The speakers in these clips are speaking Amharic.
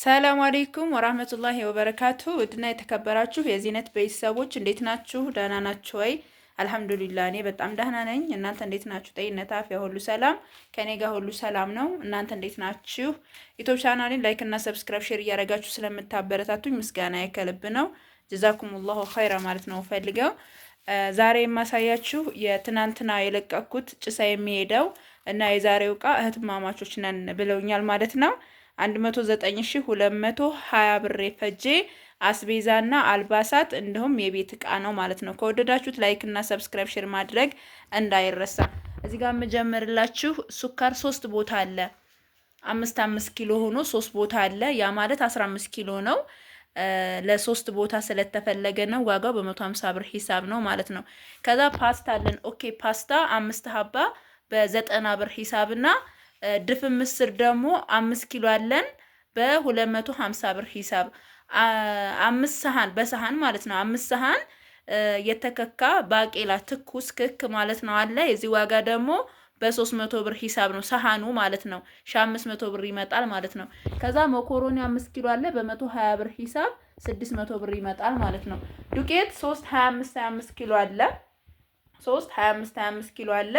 ሰላም አለይኩም ወራህመቱላሂ ወበረካቱ። ውድና የተከበራችሁ የዚህነት ቤተሰቦች እንዴት ናችሁ? ደህና ናችሁ ወይ? አልሐምዱሊላ እኔ በጣም ደህና ነኝ። እናንተ እንዴት ናችሁ? ጤንነት አፍያ ሁሉ ሰላም ከኔ ጋር ሁሉ ሰላም ነው። እናንተ እንዴት ናችሁ? ዩቱብ ቻናሌን ላይክ እና ሰብስክራይብ፣ ሼር እያደረጋችሁ ስለምታበረታቱኝ ምስጋና የከልብ ነው። ጀዛኩሙላሁ ኸይራ ማለት ነው ፈልገው ዛሬ የማሳያችሁ የትናንትና የለቀኩት ጭሳ የሚሄደው እና የዛሬው እቃ እህትማማቾች ነን ብለውኛል ማለት ነው 19220 ብር ፈጄ አስቤዛና አልባሳት እንዲሁም የቤት እቃ ነው ማለት ነው። ከወደዳችሁት ላይክ እና ሰብስክራይብ ሼር ማድረግ እንዳይረሳ። እዚህ ጋር የምጀምርላችሁ ሱካር ሶስት ቦታ አለ። አምስት አምስት ኪሎ ሆኖ ሶስት ቦታ አለ። ያ ማለት 15 ኪሎ ነው። ለሶስት ቦታ ስለተፈለገ ነው ዋጋው በመቶ ሀምሳ ብር ሂሳብ ነው ማለት ነው። ከዛ ፓስታ አለን። ኦኬ ፓስታ አምስት ሀባ በዘጠና ብር ብር ሂሳብና ድፍን ምስር ደግሞ አምስት ኪሎ አለን በ250 ብር ሂሳብ አምስት ሰሃን በሰሃን ማለት ነው። አምስት ሰሃን የተከካ ባቄላ ትኩስ ክክ ማለት ነው አለ። የዚህ ዋጋ ደግሞ በ300 ብር ሂሳብ ነው ሰሃኑ ማለት ነው። 500 ብር ይመጣል ማለት ነው። ከዛ መኮሮኒ አምስት ኪሎ አለ በ120 ብር ሂሳብ 600 ብር ይመጣል ማለት ነው። ዱቄት 3 25 ኪሎ አለ 3 25 ኪሎ አለ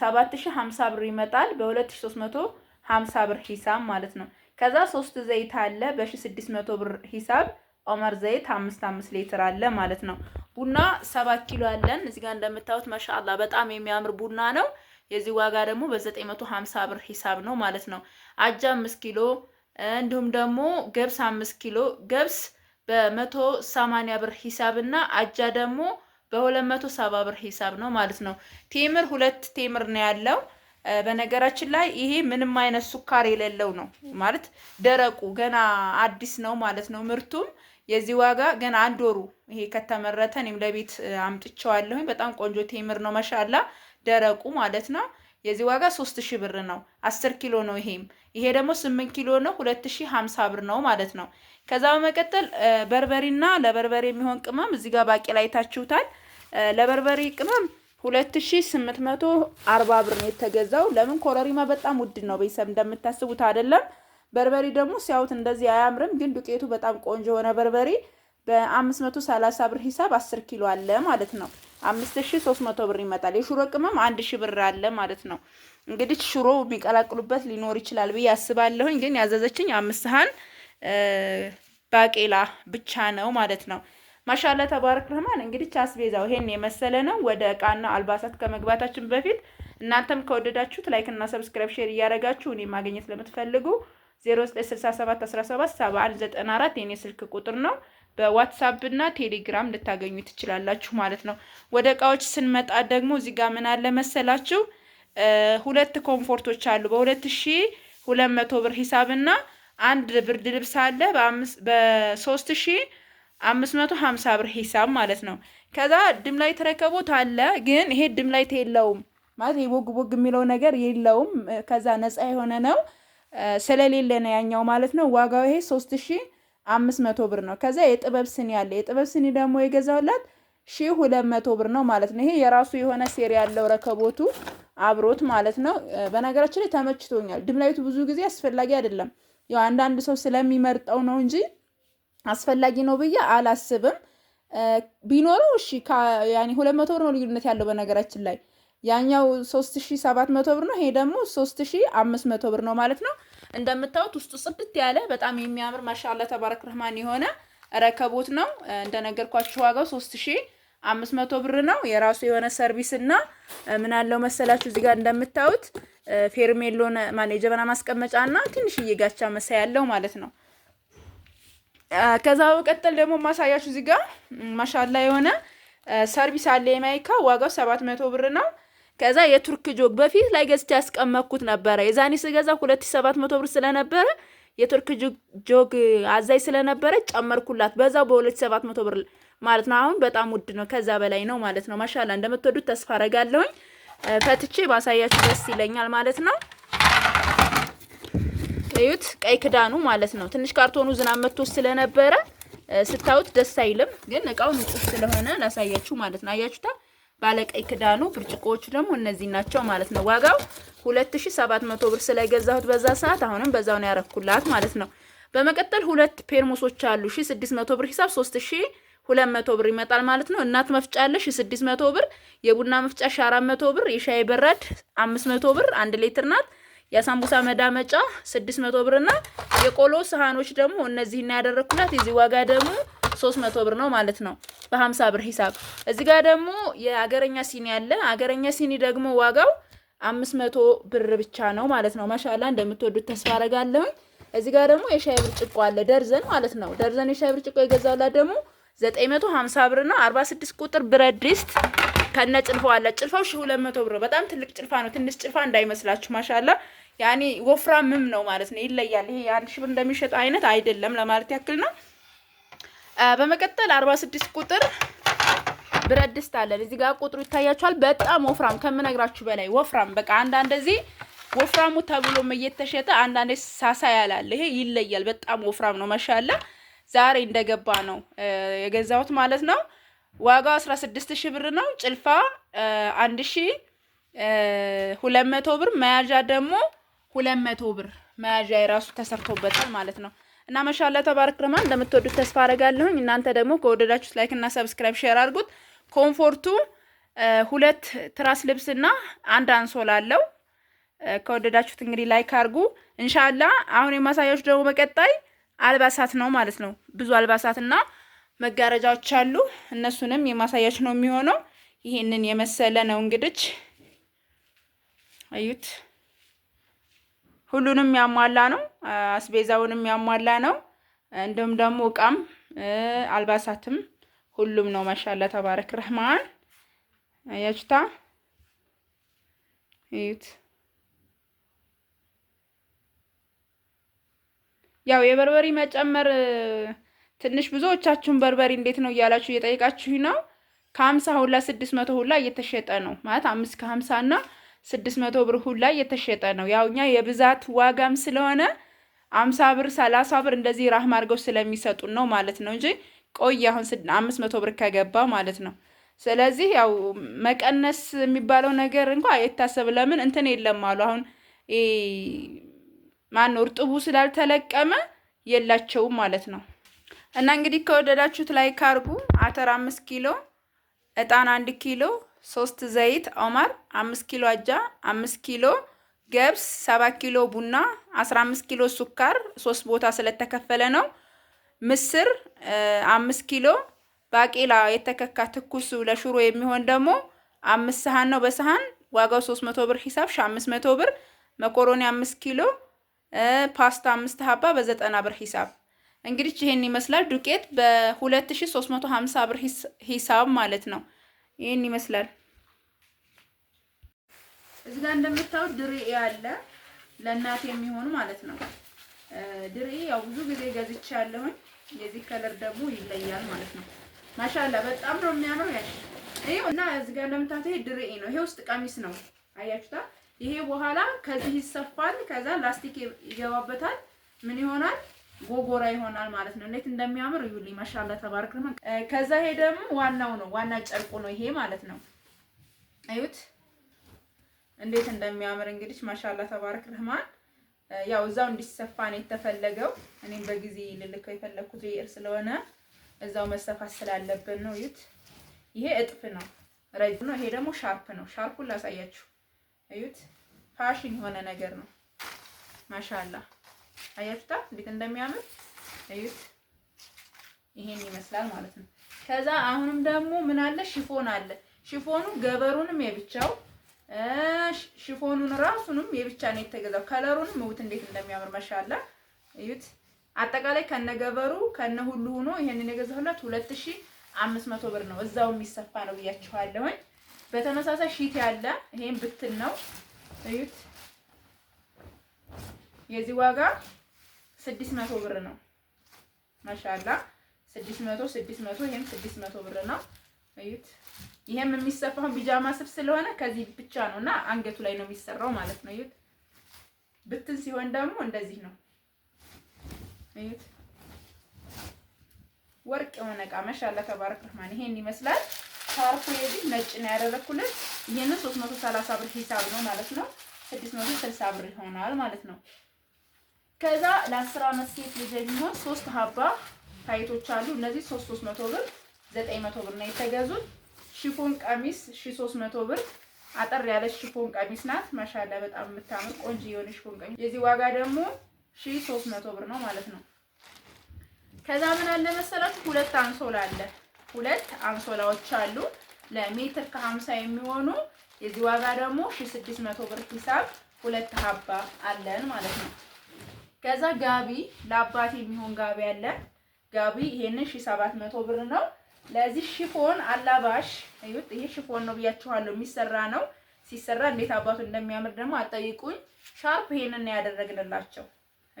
7050 ብር ይመጣል። በ2350 ብር ሂሳብ ማለት ነው። ከዛ ሶስት ዘይት አለ በ1600 ብር ሂሳብ ኦመር ዘይት 55 ሊትር አለ ማለት ነው። ቡና 7 ኪሎ አለን እዚህ ጋር እንደምታዩት ማሻአላ በጣም የሚያምር ቡና ነው። የዚህ ዋጋ ደግሞ በ950 ብር ሂሳብ ነው ማለት ነው። አጃ 5 ኪሎ እንዲሁም ደግሞ ገብስ 5 ኪሎ ገብስ በ180 ብር ሂሳብ እና አጃ ደግሞ በሁለት መቶ ሰባ ብር ሂሳብ ነው ማለት ነው። ቴምር ሁለት ቴምር ነው ያለው። በነገራችን ላይ ይሄ ምንም አይነት ሱካር የሌለው ነው ማለት ደረቁ ገና አዲስ ነው ማለት ነው። ምርቱም የዚህ ዋጋ ገና አንድ ወሩ ይሄ ከተመረተ እኔም ለቤት አምጥቼዋለሁኝ። በጣም ቆንጆ ቴምር ነው መሻላ ደረቁ ማለት ነው። የዚህ ዋጋ 3000 ብር ነው። 10 ኪሎ ነው ይሄም። ይሄ ደግሞ 8 ኪሎ ነው። 2050 ብር ነው ማለት ነው። ከዛ በመቀጠል በርበሬና ለበርበሬ የሚሆን ቅመም እዚህ ጋር ባቄላ አይታችሁታል። ለበርበሬ ቅመም 2840 ብር ነው የተገዛው። ለምን ኮረሪማ በጣም ውድ ነው፣ ቤተሰብ እንደምታስቡት አይደለም። በርበሬ ደግሞ ሲያዩት እንደዚህ አያምርም፣ ግን ዱቄቱ በጣም ቆንጆ የሆነ በርበሬ በ530 ብር ሂሳብ 10 ኪሎ አለ ማለት ነው። 5300 ብር ይመጣል። የሽሮ ቅመም 1000 ብር አለ ማለት ነው። እንግዲህ ሽሮ የሚቀላቅሉበት ሊኖር ይችላል ብዬ አስባለሁኝ፣ ግን ያዘዘችኝ አምስት ሳህን ባቄላ ብቻ ነው ማለት ነው። ማሻላ ተባረክ ረህማን። እንግዲህ አስቤዛው ይሄን የመሰለ ነው። ወደ እቃና አልባሳት ከመግባታችን በፊት እናንተም ከወደዳችሁት ላይክ እና ሰብስክራይብ ሼር እያደረጋችሁ እኔ ማግኘት ለምትፈልጉ 0967177194 የኔ ስልክ ቁጥር ነው። በዋትሳፕ እና ቴሌግራም ልታገኙ ትችላላችሁ ማለት ነው። ወደ እቃዎች ስንመጣ ደግሞ እዚህ ጋር ምን አለ መሰላችሁ? ሁለት ኮምፎርቶች አሉ በ2200 ብር ሂሳብ እና አንድ ብርድ ልብስ አለ በ3000 አምስት መቶ ሀምሳ ብር ሂሳብ ማለት ነው። ከዛ ድም ላይ ተረከቦት አለ ግን ይሄ ድም ላይ የለውም ማለት ቦግ ቦግ የሚለው ነገር የለውም። ከዛ ነፃ የሆነ ነው ስለሌለ ነው ያኛው ማለት ነው። ዋጋው ይሄ ሶስት ሺ አምስት መቶ ብር ነው። ከዛ የጥበብ ስኒ አለ። የጥበብ ስኒ ደግሞ የገዛውላት ሺ ሁለት መቶ ብር ነው ማለት ነው። ይሄ የራሱ የሆነ ሴሪ ያለው ረከቦቱ አብሮት ማለት ነው። በነገራችን ላይ ተመችቶኛል። ድምላይቱ ብዙ ጊዜ አስፈላጊ አይደለም። ያው አንዳንድ ሰው ስለሚመርጠው ነው እንጂ አስፈላጊ ነው ብዬ አላስብም። ቢኖረው እሺ፣ ሁለት መቶ ብር ነው ልዩነት ያለው በነገራችን ላይ ያኛው 3700 ብር ነው። ይሄ ደግሞ 3500 ብር ነው ማለት ነው። እንደምታዩት ውስጡ ጽድት ያለ በጣም የሚያምር ማሻላ ተባረክ ረህማን የሆነ ረከቦት ነው። እንደነገርኳችሁ ዋጋው 3500 ብር ነው። የራሱ የሆነ ሰርቪስ እና ምን አለው መሰላችሁ እዚህ ጋር እንደምታዩት ፌርሜሎን ማን የጀበና ማስቀመጫ እና ትንሽ እየጋቻ መሳ ያለው ማለት ነው። ከዛ በቀጠል ደግሞ ማሳያችሁ እዚህ ጋር ማሻላ የሆነ ሰርቪስ አለ። የማይካ ዋጋው ሰባት መቶ ብር ነው። ከዛ የቱርክ ጆግ በፊት ላይ ገዝቼ ያስቀመጥኩት ነበረ። የዛኔ ስገዛ ሁለት ሺህ ሰባት መቶ ብር ስለነበረ የቱርክ ጆግ አዛይ ስለነበረ ጨመርኩላት። በዛው በሁለት ሺህ ሰባት መቶ ብር ማለት ነው። አሁን በጣም ውድ ነው፣ ከዛ በላይ ነው ማለት ነው። ማሻላ እንደምትወዱት ተስፋ አረጋለሁኝ። ፈትቼ ባሳያችሁ ደስ ይለኛል ማለት ነው። እዩት፣ ቀይ ክዳኑ ማለት ነው። ትንሽ ካርቶኑ ዝናብ መጥቶ ስለነበረ ስታዩት ደስ አይልም፣ ግን እቃው ንጹህ ስለሆነ ላሳያችሁ ማለት ነው። አያችሁታ ባለቀይ ክዳኑ ብርጭቆዎቹ ደግሞ እነዚህ ናቸው ማለት ነው። ዋጋው 2700 ብር ስለገዛሁት በዛ ሰዓት አሁንም በዛው ነው ያረኩላት ማለት ነው። በመቀጠል ሁለት ፔርሙሶች አሉ 1600 ብር ሂሳብ 3200 ብር ይመጣል ማለት ነው። እናት መፍጫ አለ 1600 ብር፣ የቡና መፍጫ 400 ብር፣ የሻይ በራድ 500 ብር፣ አንድ ሌትር ናት። የሳምቡሳ መዳመጫ 600 ብር እና የቆሎ ሳህኖች ደግሞ እነዚህ እና ያደረኩላት የዚህ ዋጋ ደግሞ 300 ብር ነው ማለት ነው፣ በ50 ብር ሂሳብ። እዚህ ጋር ደግሞ የአገረኛ ሲኒ አለ። አገረኛ ሲኒ ደግሞ ዋጋው 500 ብር ብቻ ነው ማለት ነው። ማሻላ እንደምትወዱት ተስፋ አረጋለሁ። እዚህ ጋር ደግሞ የሻይ ብርጭቆ አለ፣ ደርዘን ማለት ነው። ደርዘን የሻይ ብርጭቆ የገዛላት ደግሞ 950 ብር እና 46 ቁጥር ብረት ድስት ከነ ጭልፋው አለ። ጭልፋው ሺ ሁለት መቶ ብር በጣም ትልቅ ጭልፋ ነው። ትንሽ ጭልፋ እንዳይመስላችሁ። ማሻላ ያኔ ወፍራምም ነው ማለት ነው። ይለያል። ይሄ የአንድ ሺ ብር እንደሚሸጠው አይነት አይደለም ለማለት ያክል ነው። በመቀጠል አርባ ስድስት ቁጥር ብረት ድስት አለን። እዚህ ጋር ቁጥሩ ይታያችኋል። በጣም ወፍራም ከምነግራችሁ በላይ ወፍራም። በቃ አንዳንድ እዚህ ወፍራሙ ተብሎም እየተሸጠ አንዳንዴ ሳሳ ያላል። ይሄ ይለያል። በጣም ወፍራም ነው። ማሻላ ዛሬ እንደገባ ነው የገዛሁት ማለት ነው። ዋጋው 16 ሺህ ብር ነው። ጭልፋ 200 ብር፣ መያዣ ደግሞ 200 ብር። መያዣ የራሱ ተሰርቶበታል ማለት ነው። እና ማሻአላ ተባረክ ረማ እንደምትወዱት ተስፋ አረጋለሁኝ። እናንተ ደግሞ ከወደዳችሁት ላይክ እና ሰብስክራይብ ሼር አድርጉት። ኮምፎርቱ ሁለት ትራስ ልብስ እና አንድ አንሶላ አለው። ከወደዳችሁት እንግዲህ ላይክ አድርጉ። እንሻላ አሁን የማሳያዎች ደግሞ በቀጣይ አልባሳት ነው ማለት ነው ብዙ አልባሳት እና መጋረጃዎች አሉ። እነሱንም የማሳያች ነው የሚሆነው። ይሄንን የመሰለ ነው እንግዲህ አዩት። ሁሉንም ያሟላ ነው። አስቤዛውንም ያሟላ ነው። እንዲሁም ደግሞ እቃም አልባሳትም ሁሉም ነው። ማሻላ ተባረክ ረህማን አያችታ እዩት። ያው የበርበሪ መጨመር ትንሽ ብዙዎቻችሁን በርበሬ እንዴት ነው እያላችሁ እየጠየቃችሁ ነው። ከሀምሳ ሁላ ስድስት መቶ ሁላ እየተሸጠ ነው ማለት አምስት ከሀምሳ እና ስድስት መቶ ብር ሁላ እየተሸጠ ነው። ያው እኛ የብዛት ዋጋም ስለሆነ አምሳ ብር ሰላሳ ብር እንደዚህ ራህም አድርገው ስለሚሰጡን ነው ማለት ነው እንጂ ቆይ አሁን አምስት መቶ ብር ከገባ ማለት ነው። ስለዚህ ያው መቀነስ የሚባለው ነገር እንኳ የታሰብ ለምን እንትን የለም አሉ። አሁን ማነው እርጥቡ ስላልተለቀመ የላቸውም ማለት ነው። እና እንግዲህ ከወደዳችሁት ላይክ አድርጉ። አተር አምስት ኪሎ፣ እጣን አንድ ኪሎ፣ ሶስት ዘይት ኦማር አምስት ኪሎ፣ አጃ አምስት ኪሎ፣ ገብስ ሰባት ኪሎ፣ ቡና አስራ አምስት ኪሎ፣ ሱካር ሶስት ቦታ ስለተከፈለ ነው። ምስር አምስት ኪሎ፣ ባቄላ የተከካ ትኩሱ ለሽሮ የሚሆን ደግሞ አምስት ሰሃን ነው። በሰሃን ዋጋው ሶስት መቶ ብር ሂሳብ ሺ አምስት መቶ ብር። መኮሮኒ አምስት ኪሎ፣ ፓስታ አምስት ሀባ በዘጠና ብር ሂሳብ እንግዲህ ይሄን ይመስላል ዱቄት በ2350 ብር ሂሳብ ማለት ነው። ይሄን ይመስላል። እዚህ ጋር እንደምታዩት ድርኤ አለ ለእናት የሚሆኑ ማለት ነው። ድርኤ ያው ብዙ ጊዜ ገዝቼ ያለሁኝ የዚህ ከለር ደግሞ ይለያል ማለት ነው። ማሻላ በጣም ነው የሚያምር። ያሽ ይሄው እና እዚህ ጋር እንደምታዩት ይሄ ድርኤ ነው። ይሄ ውስጥ ቀሚስ ነው አያችሁታ። ይሄ በኋላ ከዚህ ይሰፋል። ከዛ ላስቲክ ይገባበታል። ምን ይሆናል ጎጎራ ይሆናል ማለት ነው። እንዴት እንደሚያምር እዩልኝ። ተባርክ ተባረክ። ከዛ ይሄ ደግሞ ዋናው ነው፣ ዋና ጨርቁ ነው ይሄ ማለት ነው። እዩት እንዴት እንደሚያምር እንግዲህ ማሻላ ተባረክ ረህማን። ያው እዛው እንዲሰፋ ነው የተፈለገው። እኔም በጊዜ ልልከው የፈለኩት ይር ስለሆነ እዛው መሰፋት ስላለብን ነው። እዩት ይሄ እጥፍ ነው፣ ረጅም ነው። ይሄ ደግሞ ሻርፕ ነው። ሻርፑን ላሳያችሁ። እዩት ፋሽን የሆነ ነገር ነው ማሻላ። አያችሁታ እንዴት እንደሚያምር እዩት። ይሄን ይመስላል ማለት ነው። ከዛ አሁንም ደግሞ ምን አለ ሽፎን አለ። ሽፎኑ ገበሩንም የብቻው ሽፎኑን ራሱንም የብቻ ነው የተገዛው። ከለሩንም እውት እንዴት እንደሚያምር ማሻአላ እዩት። አጠቃላይ ከነ ገበሩ ከነ ሁሉ ሆኖ ይሄንን የገዛሁላት 2500 ብር ነው። እዛው የሚሰፋ ነው ብያችኋለሁኝ። በተመሳሳይ ሺት ያለ ይሄን ብትን ነው እዩት። የዚህ ዋጋ ስድስት ብር ነው። ማሻአላ 600 600 ይሄም 600 ብር ነው። እዩት። ይሄም የሚሰፋው ቢጃማ ስብ ስለሆነ ከዚህ ብቻ ነው እና አንገቱ ላይ ነው የሚሰራው ማለት ነው። እዩት። ብትን ሲሆን ደግሞ እንደዚህ ነው። እዩት። ወርቅ የሆነ እቃ ማሻአላ ተባረክ ረህማን። ይሄን ይመስላል ታርፉ የዚህ ነጭ ነው ያደረኩለት። ይሄን 330 ብር ሂሳብ ነው ማለት ነው። 660 ብር ይሆናል ማለት ነው። ከዛ ለ10 ዓመት ሴት ልጅ ሶስት ሀባ ታይቶች አሉ። እነዚህ 3 300 ብር 900 ብር ነው የተገዙት። ሽፎን ቀሚስ 1300 ብር አጠር ያለ ሽፎን ቀሚስ ናት። ማሻላ በጣም የምታምር ቆንጆ የሆነ ሽፎን ቀሚስ የዚህ ዋጋ ደግሞ 1300 ብር ነው ማለት ነው። ከዛ ምን አለ መሰላችሁ ሁለት አንሶላ አለ። ሁለት አንሶላዎች አሉ ለሜትር ከ50 የሚሆኑ የዚህ ዋጋ ደግሞ 1600 ብር ሂሳብ ሁለት ሀባ አለን ማለት ነው። ከዛ ጋቢ ለአባት የሚሆን ጋቢ አለ። ጋቢ ይሄንን ሺ ሰባት መቶ ብር ነው። ለዚህ ሽፎን አላባሽ እዩት። ይሄ ሽፎን ነው ብያችኋለሁ፣ የሚሰራ ነው። ሲሰራ እንዴት አባቱ እንደሚያምር ደግሞ አጠይቁኝ። ሻርፕ ይሄንን ያደረግንላቸው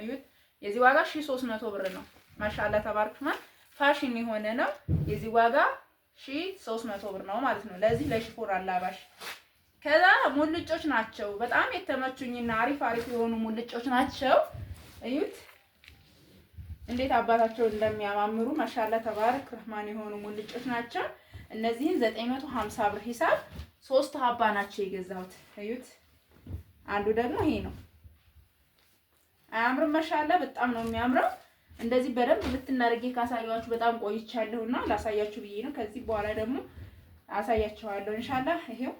እዩት። የዚህ ዋጋ ሺ ሦስት መቶ ብር ነው። ማሻአላ ተባርክማን ፋሽን የሆነ ነው። የዚህ ዋጋ ሺ ሦስት መቶ ብር ነው ማለት ነው። ለዚህ ለሽፎን አላባሽ ከዛ ሙልጮች ናቸው። በጣም የተመቹኝና አሪፍ አሪፍ የሆኑ ሙልጮች ናቸው። እዩት እንዴት አባታቸው እንደሚያማምሩ ማሻላ ተባረክ ረህማን የሆኑ ሙልጮች ናቸው። እነዚህን 950 ብር ሂሳብ ሶስት ሀባ ናቸው የገዛሁት። እዩት አንዱ ደግሞ ይሄ ነው። አያምርም? ማሻላ በጣም ነው የሚያምረው። እንደዚህ በደንብ ብትናርጌ ካሳያችሁ በጣም ቆይቻለሁና ላሳያችሁ ብዬ ነው። ከዚህ በኋላ ደግሞ አሳያችኋለሁ ኢንሻአላህ። ይሄው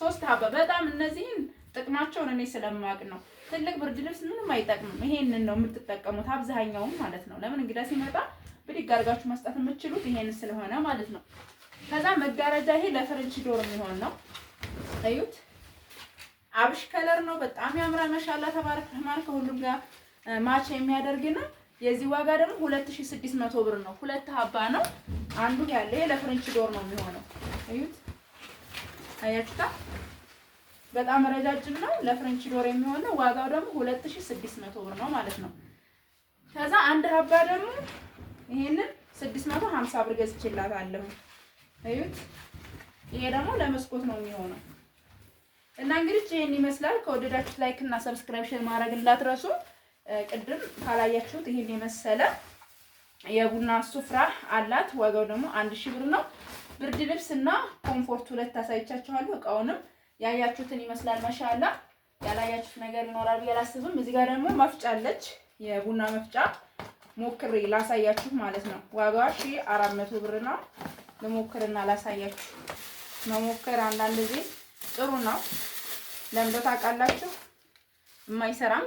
ሶስት ሀባ በጣም እነዚህን ጥቅማቸውን እኔ ስለማቅ ነው ትልቅ ብርድ ልብስ ምንም አይጠቅምም። ይሄንን ነው የምትጠቀሙት አብዛኛውም ማለት ነው። ለምን እንግዳ ሲመጣ ብድግ አድርጋችሁ መስጠት የምችሉት ይሄን ስለሆነ ማለት ነው። ከዛ መጋረጃ ይሄ ለፍርንች ዶር የሚሆን ነው። እዩት፣ አብሽ ከለር ነው። በጣም ያምራ መሻላ ተባረክ ተማር ከሁሉም ጋር የሚያደርግ የሚያደርግና የዚህ ዋጋ ደግሞ 2600 ብር ነው። ሁለት ሀባ ነው አንዱ ያለ ለፍርንች ዶር ነው የሚሆነው። እዩት፣ አያችሁታ በጣም ረጃጅም ነው። ለፍሬንች ዶር የሚሆነ ዋጋው ደግሞ 2600 ብር ነው ማለት ነው። ከዛ አንድ ሀባ ደግሞ ይሄንን 650 ብር ገዝቼላታለሁ። እዩት። ይሄ ደግሞ ለመስኮት ነው የሚሆነው እና እንግዲህ ይሄን ይመስላል። ከወደዳችሁት ላይክ እና ሰብስክራይብሽን ማድረግ እንዳትረሱ። ቅድም ካላያችሁት ይሄን የመሰለ የቡና ሱፍራ አላት። ዋጋው ደግሞ አንድ ሺህ ብር ነው። ብርድ ልብስ እና ኮምፎርት ሁለት አሳይቻችኋለሁ። እቃውንም ያያችሁትን ይመስላል። ማሻአላ ያላያችሁት ነገር ይኖራል ብዬ አላስብም። እዚህ ጋር ደግሞ መፍጫ አለች፣ የቡና መፍጫ ሞክሬ ላሳያችሁ ማለት ነው። ዋጋዋ ሺ አራት መቶ ብር ነው። ልሞክርና ላሳያችሁ። መሞከር አንዳንድ ጊዜ ጥሩ ነው። ለምዶ ታውቃላችሁ፣ የማይሰራም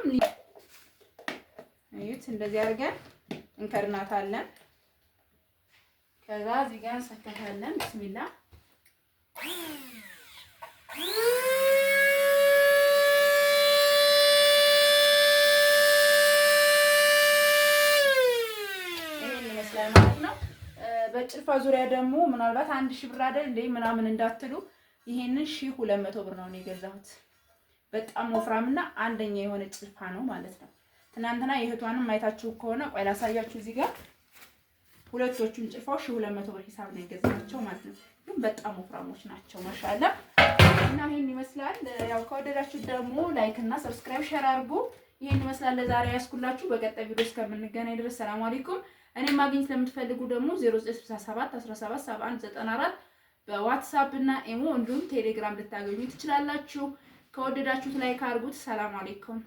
እዩት። እንደዚህ አድርገን እንከድናታለን። ከዛ እዚህ ጋር እንሰካታለን። ቢስሚላህ ዙሪያ ደግሞ ምናልባት አንድ ሺህ ብር አይደል እንደ ምናምን እንዳትሉ ይሄንን ሺህ ሁለት መቶ ብር ነው የገዛሁት። በጣም ወፍራምና አንደኛ የሆነ ጭልፋ ነው ማለት ነው። ትናንትና የእህቷንም አይታችሁ ከሆነ ቆይ ላሳያችሁ። እዚህ ጋር ሁለቶቹም ጭልፋው ሺህ ሁለት መቶ ብር ሂሳብ ነው የገዛቸው ማለት ነው። ግን በጣም ወፍራሞች ናቸው ማሻላ። እና ይሄን ይመስላል። ያው ከወደዳችሁ ደግሞ ላይክ እና ሰብስክራይብ ሸር አድርጉ። ይሄን ይመስላል ለዛሬ ያስኩላችሁ። በቀጣይ ቪዲዮ እስከምንገናኝ ድረስ ሰላም አለይኩም። እኔ ማግኘት ለምትፈልጉ ደግሞ 0967 17 በዋትሳፕ እና ኢሞ እንዲሁም ቴሌግራም ልታገኙ ትችላላችሁ። ከወደዳችሁት ላይክ አድርጉት። ሰላም አለይኩም።